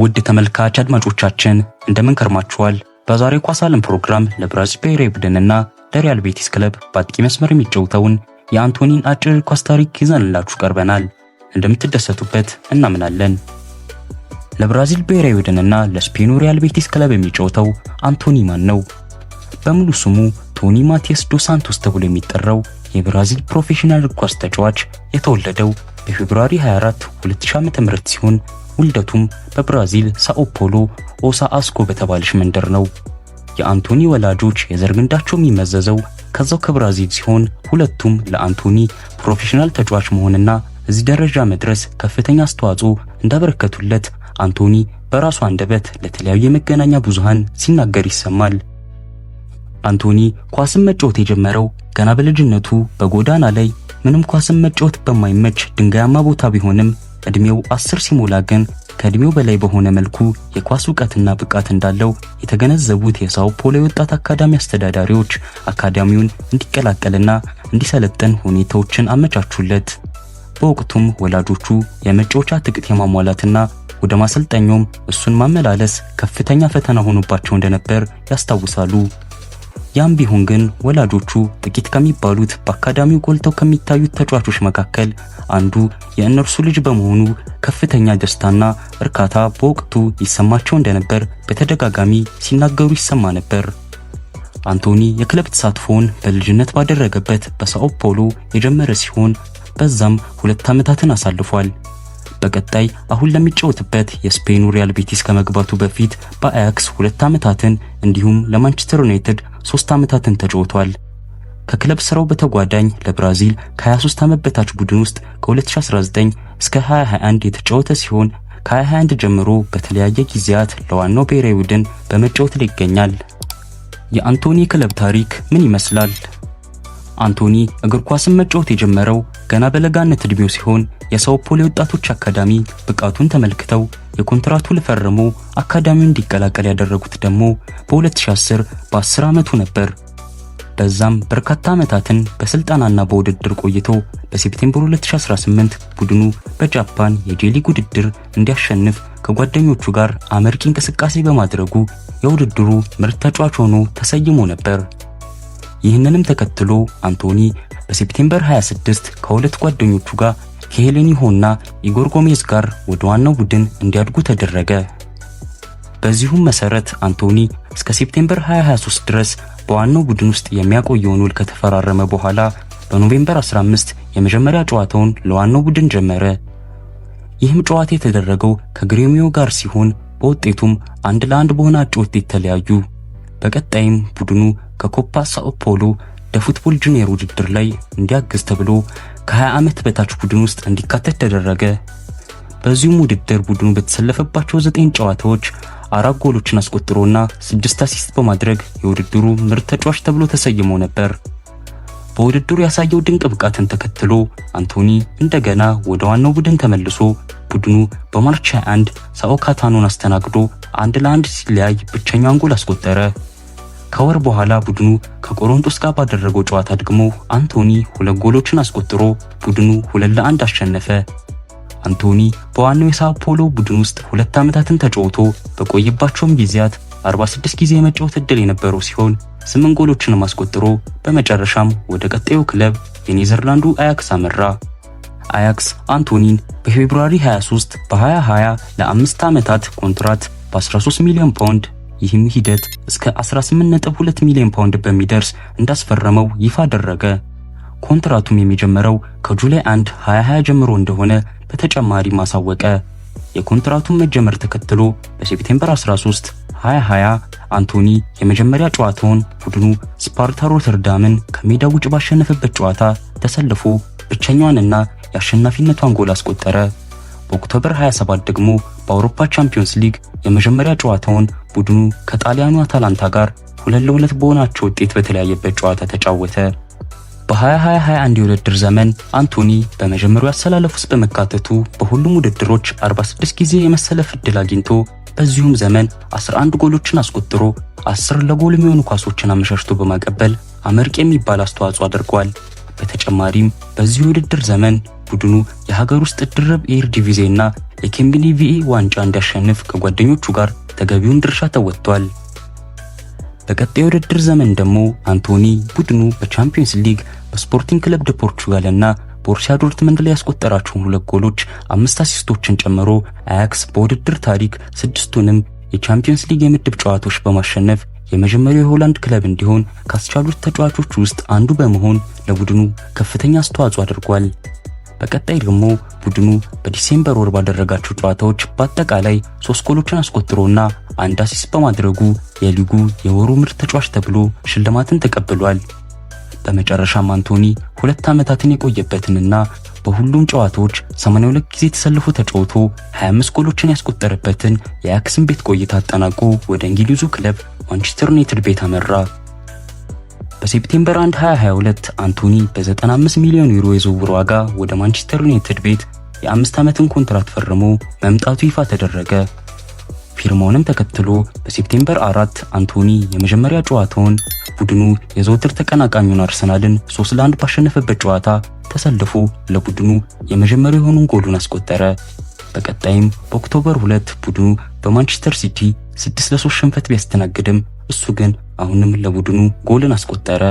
ውድ ተመልካች አድማጮቻችን እንደምን ከርማችኋል? በዛሬው ኳስ ዓለም ፕሮግራም ለብራዚል ብሔራዊ ቡድንና ለሪያል ቤቲስ ክለብ በአጥቂ መስመር የሚጫወተውን የአንቶኒን አጭር ኳስ ታሪክ ይዘንላችሁ ቀርበናል። እንደምትደሰቱበት እናምናለን። ለብራዚል ብሔራዊ ቡድንና ለስፔኑ ሪያል ቤቲስ ክለብ የሚጫወተው አንቶኒ ማን ነው? በሙሉ ስሙ ቶኒ ማቲያስ ዶ ሳንቶስ ተብሎ የሚጠራው የብራዚል ፕሮፌሽናል ኳስ ተጫዋች የተወለደው በፌብሩዋሪ 24 2000 ዓ.ም ሲሆን ውልደቱም በብራዚል ሳኦፖሎ ኦሳ አስኮ በተባለች መንደር ነው። የአንቶኒ ወላጆች የዘር ግንዳቸው የሚመዘዘው ከዛው ከብራዚል ሲሆን ሁለቱም ለአንቶኒ ፕሮፌሽናል ተጫዋች መሆንና እዚህ ደረጃ መድረስ ከፍተኛ አስተዋጽኦ እንዳበረከቱለት አንቶኒ በራሱ አንደበት ለተለያዩ የመገናኛ ብዙሃን ሲናገር ይሰማል። አንቶኒ ኳስን መጫወት የጀመረው ገና በልጅነቱ በጎዳና ላይ ምንም ኳስን መጫወት በማይመች ድንጋያማ ቦታ ቢሆንም እድሜው አስር ሲሞላ ግን ከእድሜው በላይ በሆነ መልኩ የኳስ እውቀትና ብቃት እንዳለው የተገነዘቡት የሳው ፖሎ የወጣት አካዳሚ አስተዳዳሪዎች አካዳሚውን እንዲቀላቀልና እንዲሰለጥን ሁኔታዎችን አመቻቹለት። በወቅቱም ወላጆቹ የመጫወቻ ትጥቅ የማሟላትና ወደ ማሰልጠኛውም እሱን ማመላለስ ከፍተኛ ፈተና ሆኖባቸው እንደነበር ያስታውሳሉ። ያም ቢሆን ግን ወላጆቹ ጥቂት ከሚባሉት በአካዳሚው ጎልተው ከሚታዩት ተጫዋቾች መካከል አንዱ የእነርሱ ልጅ በመሆኑ ከፍተኛ ደስታና እርካታ በወቅቱ ይሰማቸው እንደነበር በተደጋጋሚ ሲናገሩ ይሰማ ነበር። አንቶኒ የክለብ ተሳትፎውን በልጅነት ባደረገበት በሳኦ ፖሎ የጀመረ ሲሆን በዛም ሁለት ዓመታትን አሳልፏል። በቀጣይ አሁን ለሚጫወትበት የስፔኑ ሪያል ቤቲስ ከመግባቱ በፊት በአያክስ ሁለት ዓመታትን እንዲሁም ለማንቸስተር ዩናይትድ ሶስት ዓመታትን ተጫውቷል። ከክለብ ስራው በተጓዳኝ ለብራዚል ከ23 ዓመት በታች ቡድን ውስጥ ከ2019 እስከ 2021 የተጫወተ ሲሆን ከ2021 ጀምሮ በተለያየ ጊዜያት ለዋናው ብሔራዊ ቡድን በመጫወት ላይ ይገኛል። የአንቶኒ ክለብ ታሪክ ምን ይመስላል? አንቶኒ እግር ኳስን መጫወት የጀመረው ገና በለጋነት ዕድሜው ሲሆን የሳው ፖሎ ወጣቶች አካዳሚ ብቃቱን ተመልክተው የኮንትራቱ ለፈረሙ አካዳሚው እንዲቀላቀል ያደረጉት ደግሞ በ2010 በ10 ዓመቱ ነበር። በዛም በርካታ ዓመታትን በስልጠናና በውድድር ቆይቶ በሴፕቴምበር 2018 ቡድኑ በጃፓን የጄሊግ ውድድር እንዲያሸንፍ ከጓደኞቹ ጋር አመርቂ እንቅስቃሴ በማድረጉ የውድድሩ ምርጥ ተጫዋች ሆኖ ተሰይሞ ነበር። ይህንንም ተከትሎ አንቶኒ በሴፕቴምበር 26 ከሁለት ጓደኞቹ ጋር ከሄሌኒሆና ኢጎር ጎሜዝ ጋር ወደ ዋናው ቡድን እንዲያድጉ ተደረገ። በዚሁም መሰረት አንቶኒ እስከ ሴፕቴምበር 2023 ድረስ በዋናው ቡድን ውስጥ የሚያቆየውን ውል ከተፈራረመ በኋላ በኖቬምበር 15 የመጀመሪያ ጨዋታውን ለዋናው ቡድን ጀመረ። ይህም ጨዋታ የተደረገው ከግሬሚዮ ጋር ሲሆን በውጤቱም አንድ ለአንድ በሆነ አጭ ውጤት ተለያዩ። በቀጣይም ቡድኑ ከኮፓ ሳኦ ፖሎ ለፉትቦል ጁኒየር ውድድር ላይ እንዲያግዝ ተብሎ ከ20 ዓመት በታች ቡድን ውስጥ እንዲካተት ተደረገ። በዚሁም ውድድር ቡድኑ በተሰለፈባቸው ዘጠኝ ጨዋታዎች አራት ጎሎችን አስቆጥሮና ስድስት አሲስት በማድረግ የውድድሩ ምርጥ ተጫዋች ተብሎ ተሰይሞ ነበር። በውድድሩ ያሳየው ድንቅ ብቃትን ተከትሎ አንቶኒ እንደገና ወደ ዋናው ቡድን ተመልሶ ቡድኑ በማርች 21 ሳኦ ካታኖን አስተናግዶ አንድ ለአንድ ሲለያይ ብቸኛውን ጎል አስቆጠረ። ከወር በኋላ ቡድኑ ከቆሮንቶስ ጋር ባደረገው ጨዋታ ደግሞ አንቶኒ ሁለት ጎሎችን አስቆጥሮ ቡድኑ ሁለት ለአንድ አሸነፈ። አንቶኒ በዋናው የሳኦ ፖሎ ቡድን ውስጥ ሁለት ዓመታትን ተጫውቶ በቆየባቸውም ጊዜያት 46 ጊዜ የመጫወት ዕድል የነበረው ሲሆን ስምንት ጎሎችንም አስቆጥሮ በመጨረሻም ወደ ቀጣዩ ክለብ የኔዘርላንዱ አያክስ አመራ። አያክስ አንቶኒን በፌብሩዋሪ 23 በ2020 ለአምስት ዓመታት ኮንትራት በ13 ሚሊዮን ፓውንድ ይህም ሂደት እስከ 18.2 ሚሊዮን ፓውንድ በሚደርስ እንዳስፈረመው ይፋ አደረገ። ኮንትራቱም የሚጀምረው ከጁላይ 1 2020 ጀምሮ እንደሆነ በተጨማሪም አሳወቀ። የኮንትራቱን መጀመር ተከትሎ በሴፕቴምበር 13 2020 አንቶኒ የመጀመሪያ ጨዋታውን ቡድኑ ስፓርታ ሮተርዳምን ከሜዳ ውጭ ባሸነፈበት ጨዋታ ተሰልፎ ብቸኛዋንና የአሸናፊነቷን ጎል አስቆጠረ። በኦክቶበር 27 ደግሞ በአውሮፓ ቻምፒዮንስ ሊግ የመጀመሪያ ጨዋታውን ቡድኑ ከጣሊያኑ አታላንታ ጋር ሁለት ለሁለት በሆናቸው ውጤት በተለያየበት ጨዋታ ተጫወተ። በ2021 የውድድር ዘመን አንቶኒ በመጀመሪያው አሰላለፍ ውስጥ በመካተቱ በሁሉም ውድድሮች 46 ጊዜ የመሰለፍ ዕድል አግኝቶ በዚሁም ዘመን 11 ጎሎችን አስቆጥሮ 10 ለጎል የሚሆኑ ኳሶችን አመሻሽቶ በማቀበል አመርቂ የሚባል አስተዋጽኦ አድርጓል። በተጨማሪም በዚህ የውድድር ዘመን ቡድኑ የሀገር ውስጥ ድርብ ኤር እና የኬምቢኒ ቪኢ ዋንጫ እንዲያሸንፍ ከጓደኞቹ ጋር ተገቢውን ድርሻ ተወጥቷል። በቀጣዩ ውድድር ዘመን ደግሞ አንቶኒ ቡድኑ በቻምፒየንስ ሊግ በስፖርቲንግ ክለብ ደ ፖርቹጋል እና ቦርሲያ ዶርትመንድ ላይ ያስቆጠራቸውን ሁለት ጎሎች፣ አምስት አሲስቶችን ጨምሮ አያክስ በውድድር ታሪክ ስድስቱንም የቻምፒየንስ ሊግ የምድብ ጨዋታዎች በማሸነፍ የመጀመሪያው የሆላንድ ክለብ እንዲሆን ካስቻሉት ተጫዋቾች ውስጥ አንዱ በመሆን ለቡድኑ ከፍተኛ አስተዋጽኦ አድርጓል። በቀጣይ ደግሞ ቡድኑ በዲሴምበር ወር ባደረጋቸው ጨዋታዎች በአጠቃላይ ሶስት ጎሎችን አስቆጥሮና አንድ አሲስት በማድረጉ የሊጉ የወሩ ምርጥ ተጫዋች ተብሎ ሽልማትን ተቀብሏል። በመጨረሻም አንቶኒ ሁለት ዓመታትን የቆየበትንና በሁሉም ጨዋታዎች 82 ጊዜ ተሰልፎ ተጫውቶ 25 ጎሎችን ያስቆጠረበትን የአያክስን ቤት ቆይታ አጠናቆ ወደ እንግሊዙ ክለብ ማንቸስተር ዩናይትድ ቤት አመራ። በሴፕቴምበር 1 2022 አንቶኒ በ95 ሚሊዮን ዩሮ የዝውውር ዋጋ ወደ ማንቸስተር ዩናይትድ ቤት የአምስት ዓመትን ኮንትራት ፈርሞ መምጣቱ ይፋ ተደረገ። ፊርማውንም ተከትሎ በሴፕቴምበር 4 አንቶኒ የመጀመሪያ ጨዋታውን ቡድኑ የዘወትር ተቀናቃኙን አርሰናልን 3 ለ1 ባሸነፈበት ጨዋታ ተሰልፎ ለቡድኑ የመጀመሪያ የሆኑን ጎሉን አስቆጠረ። በቀጣይም በኦክቶበር 2 ቡድኑ በማንቸስተር ሲቲ 6 ለ3 ሽንፈት ቢያስተናግድም እሱ ግን አሁንም ለቡድኑ ጎልን አስቆጠረ።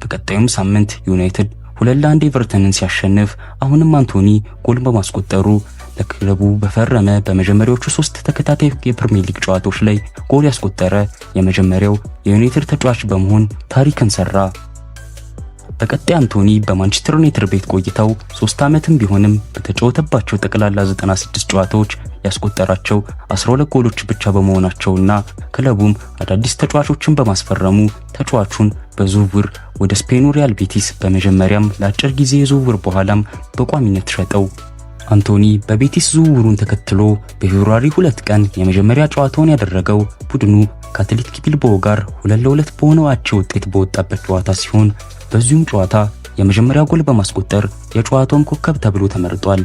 በቀጣዩም ሳምንት ዩናይትድ ሁለት ለአንድ ኤቨርተንን ሲያሸንፍ አሁንም አንቶኒ ጎልን በማስቆጠሩ ለክለቡ በፈረመ በመጀመሪያዎቹ ሶስት ተከታታይ የፕሪሚየር ሊግ ጨዋታዎች ላይ ጎል ያስቆጠረ የመጀመሪያው የዩናይትድ ተጫዋች በመሆን ታሪክን ሰራ። በቀጣይ አንቶኒ በማንቸስተር ዩናይትድ ቤት ቆይታው ሶስት ዓመትም ቢሆንም በተጫወተባቸው ጠቅላላ 96 ጨዋታዎች ያስቆጠራቸው 12 ጎሎች ብቻ በመሆናቸውና ክለቡም አዳዲስ ተጫዋቾችን በማስፈረሙ ተጫዋቹን በዝውውር ወደ ስፔኑ ሪያል ቤቲስ በመጀመሪያም ለአጭር ጊዜ የዝውውር በኋላም በቋሚነት ሸጠው። አንቶኒ በቤቲስ ዝውውሩን ተከትሎ በፌብሩዋሪ ሁለት ቀን የመጀመሪያ ጨዋታውን ያደረገው ቡድኑ ከአትሌቲክ ቢልባኦ ጋር ሁለት ለሁለት በሆነ አቻ ውጤት በወጣበት ጨዋታ ሲሆን በዚሁም ጨዋታ የመጀመሪያ ጎል በማስቆጠር የጨዋታውን ኮከብ ተብሎ ተመርጧል።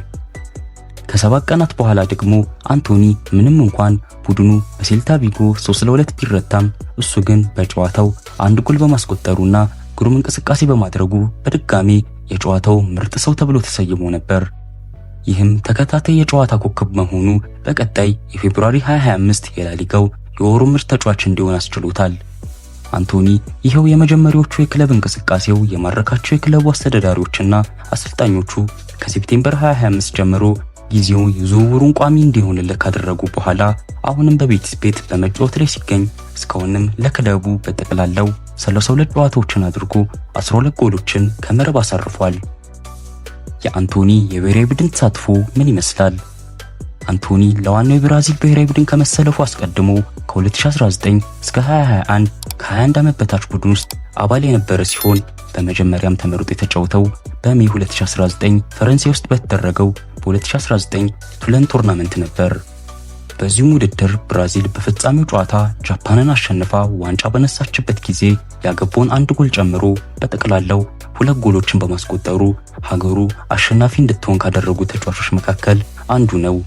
ከሰባት ቀናት በኋላ ደግሞ አንቶኒ ምንም እንኳን ቡድኑ በሴልታ ቪጎ 3 ለ2 ቢረታም እሱ ግን በጨዋታው አንድ ጎል በማስቆጠሩና ግሩም እንቅስቃሴ በማድረጉ በድጋሚ የጨዋታው ምርጥ ሰው ተብሎ ተሰይሞ ነበር። ይህም ተከታታይ የጨዋታ ኮከብ መሆኑ በቀጣይ የፌብሩዋሪ 2025 የላሊጋው የወሩ ምርጥ ተጫዋች እንዲሆን አስችሎታል። አንቶኒ ይኸው የመጀመሪያዎቹ የክለብ እንቅስቃሴው የማረካቸው የክለቡ አስተዳዳሪዎችና አሰልጣኞቹ ከሴፕቴምበር 2025 ጀምሮ ጊዜው የዝውውሩን ቋሚ እንዲሆንለት ካደረጉ በኋላ አሁንም በቤቲስ ቤት በመጫወት ላይ ሲገኝ እስካሁንም ለክለቡ በጠቅላላው 32 ጨዋታዎችን አድርጎ 12 ጎሎችን ከመረብ አሳርፏል። የአንቶኒ የብሔራዊ ቡድን ተሳትፎ ምን ይመስላል? አንቶኒ ለዋናው የብራዚል ብሔራዊ ቡድን ከመሰለፉ አስቀድሞ ከ2019 እስከ 2021 ከ21 ዓመት በታች ቡድን ውስጥ አባል የነበረ ሲሆን በመጀመሪያም ተመርጦ የተጫወተው በሜ 2019 ፈረንሳይ ውስጥ በተደረገው በ2019 ቱለን ቶርናመንት ነበር። በዚሁም ውድድር ብራዚል በፍጻሜው ጨዋታ ጃፓንን አሸንፋ ዋንጫ በነሳችበት ጊዜ ያገባውን አንድ ጎል ጨምሮ በጠቅላላው ሁለት ጎሎችን በማስቆጠሩ ሀገሩ አሸናፊ እንድትሆን ካደረጉ ተጫዋቾች መካከል አንዱ ነው።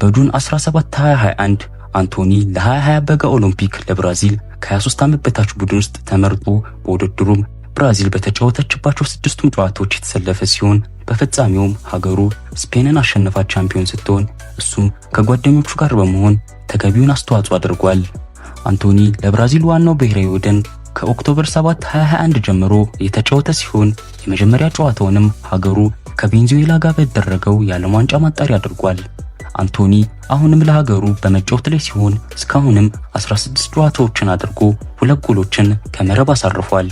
በጁን 17 2021 አንቶኒ ለ2020 በጋ ኦሎምፒክ ለብራዚል ከ23 ዓመት በታች ቡድን ውስጥ ተመርጦ በውድድሩም ብራዚል በተጫወተችባቸው ስድስቱም ጨዋታዎች የተሰለፈ ሲሆን በፍጻሜውም ሀገሩ ስፔንን አሸነፋ ቻምፒዮን ስትሆን እሱም ከጓደኞቹ ጋር በመሆን ተገቢውን አስተዋጽኦ አድርጓል። አንቶኒ ለብራዚል ዋናው ብሔራዊ ቡድን ከኦክቶበር 7 2021 ጀምሮ የተጫወተ ሲሆን የመጀመሪያ ጨዋታውንም ሀገሩ ከቬንዙዌላ ጋር በተደረገው የዓለም ዋንጫ ማጣሪያ አድርጓል። አንቶኒ አሁንም ለሀገሩ በመጫወት ላይ ሲሆን እስካሁንም 16 ጨዋታዎችን አድርጎ ሁለት ጎሎችን ከመረብ አሳርፏል።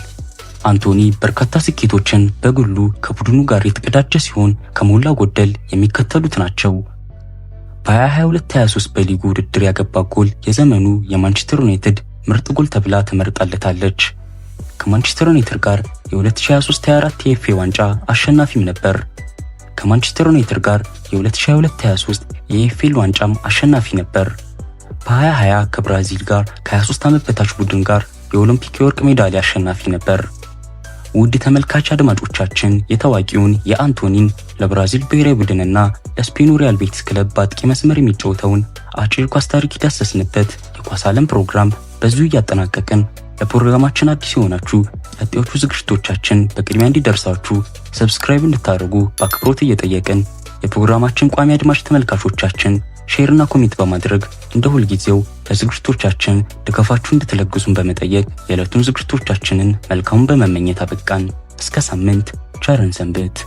አንቶኒ በርካታ ስኬቶችን በግሉ ከቡድኑ ጋር የተቀዳጀ ሲሆን ከሞላ ጎደል የሚከተሉት ናቸው። በ2022-23 በሊጉ ውድድር ያገባ ጎል የዘመኑ የማንቸስተር ዩናይትድ ምርጥ ጎል ተብላ ተመርጣለታለች። ከማንቸስተር ዩናይትድ ጋር የ2023-24 ዋንጫ አሸናፊም ነበር። ከማንቸስተር ዩናይትድ ጋር የ2022-23 የኤፍኤል ዋንጫም አሸናፊ ነበር። በ2020 ከብራዚል ጋር ከ23 ዓመት በታች ቡድን ጋር የኦሎምፒክ የወርቅ ሜዳሊያ አሸናፊ ነበር። ውድ ተመልካች አድማጮቻችን የታዋቂውን የአንቶኒን ለብራዚል ብሔራዊ ቡድንና ለስፔኑ ሪያል ቤቲስ ክለብ በአጥቂ መስመር የሚጫወተውን አጭር ኳስ ታሪክ የዳሰስንበት የኳስ ዓለም ፕሮግራም በዚሁ እያጠናቀቅን ለፕሮግራማችን አዲስ የሆናችሁ ቀጣዮቹ ዝግጅቶቻችን በቅድሚያ እንዲደርሳችሁ ሰብስክራይብ እንድታደርጉ በአክብሮት እየጠየቅን የፕሮግራማችን ቋሚ አድማጭ ተመልካቾቻችን ሼርና ኮሜንት በማድረግ እንደ ሁልጊዜው ለዝግጅቶቻችን ድጋፋችሁ እንድትለግሱን በመጠየቅ የዕለቱን ዝግጅቶቻችንን መልካሙን በመመኘት አበቃን። እስከ ሳምንት ቸርን ሰንብት።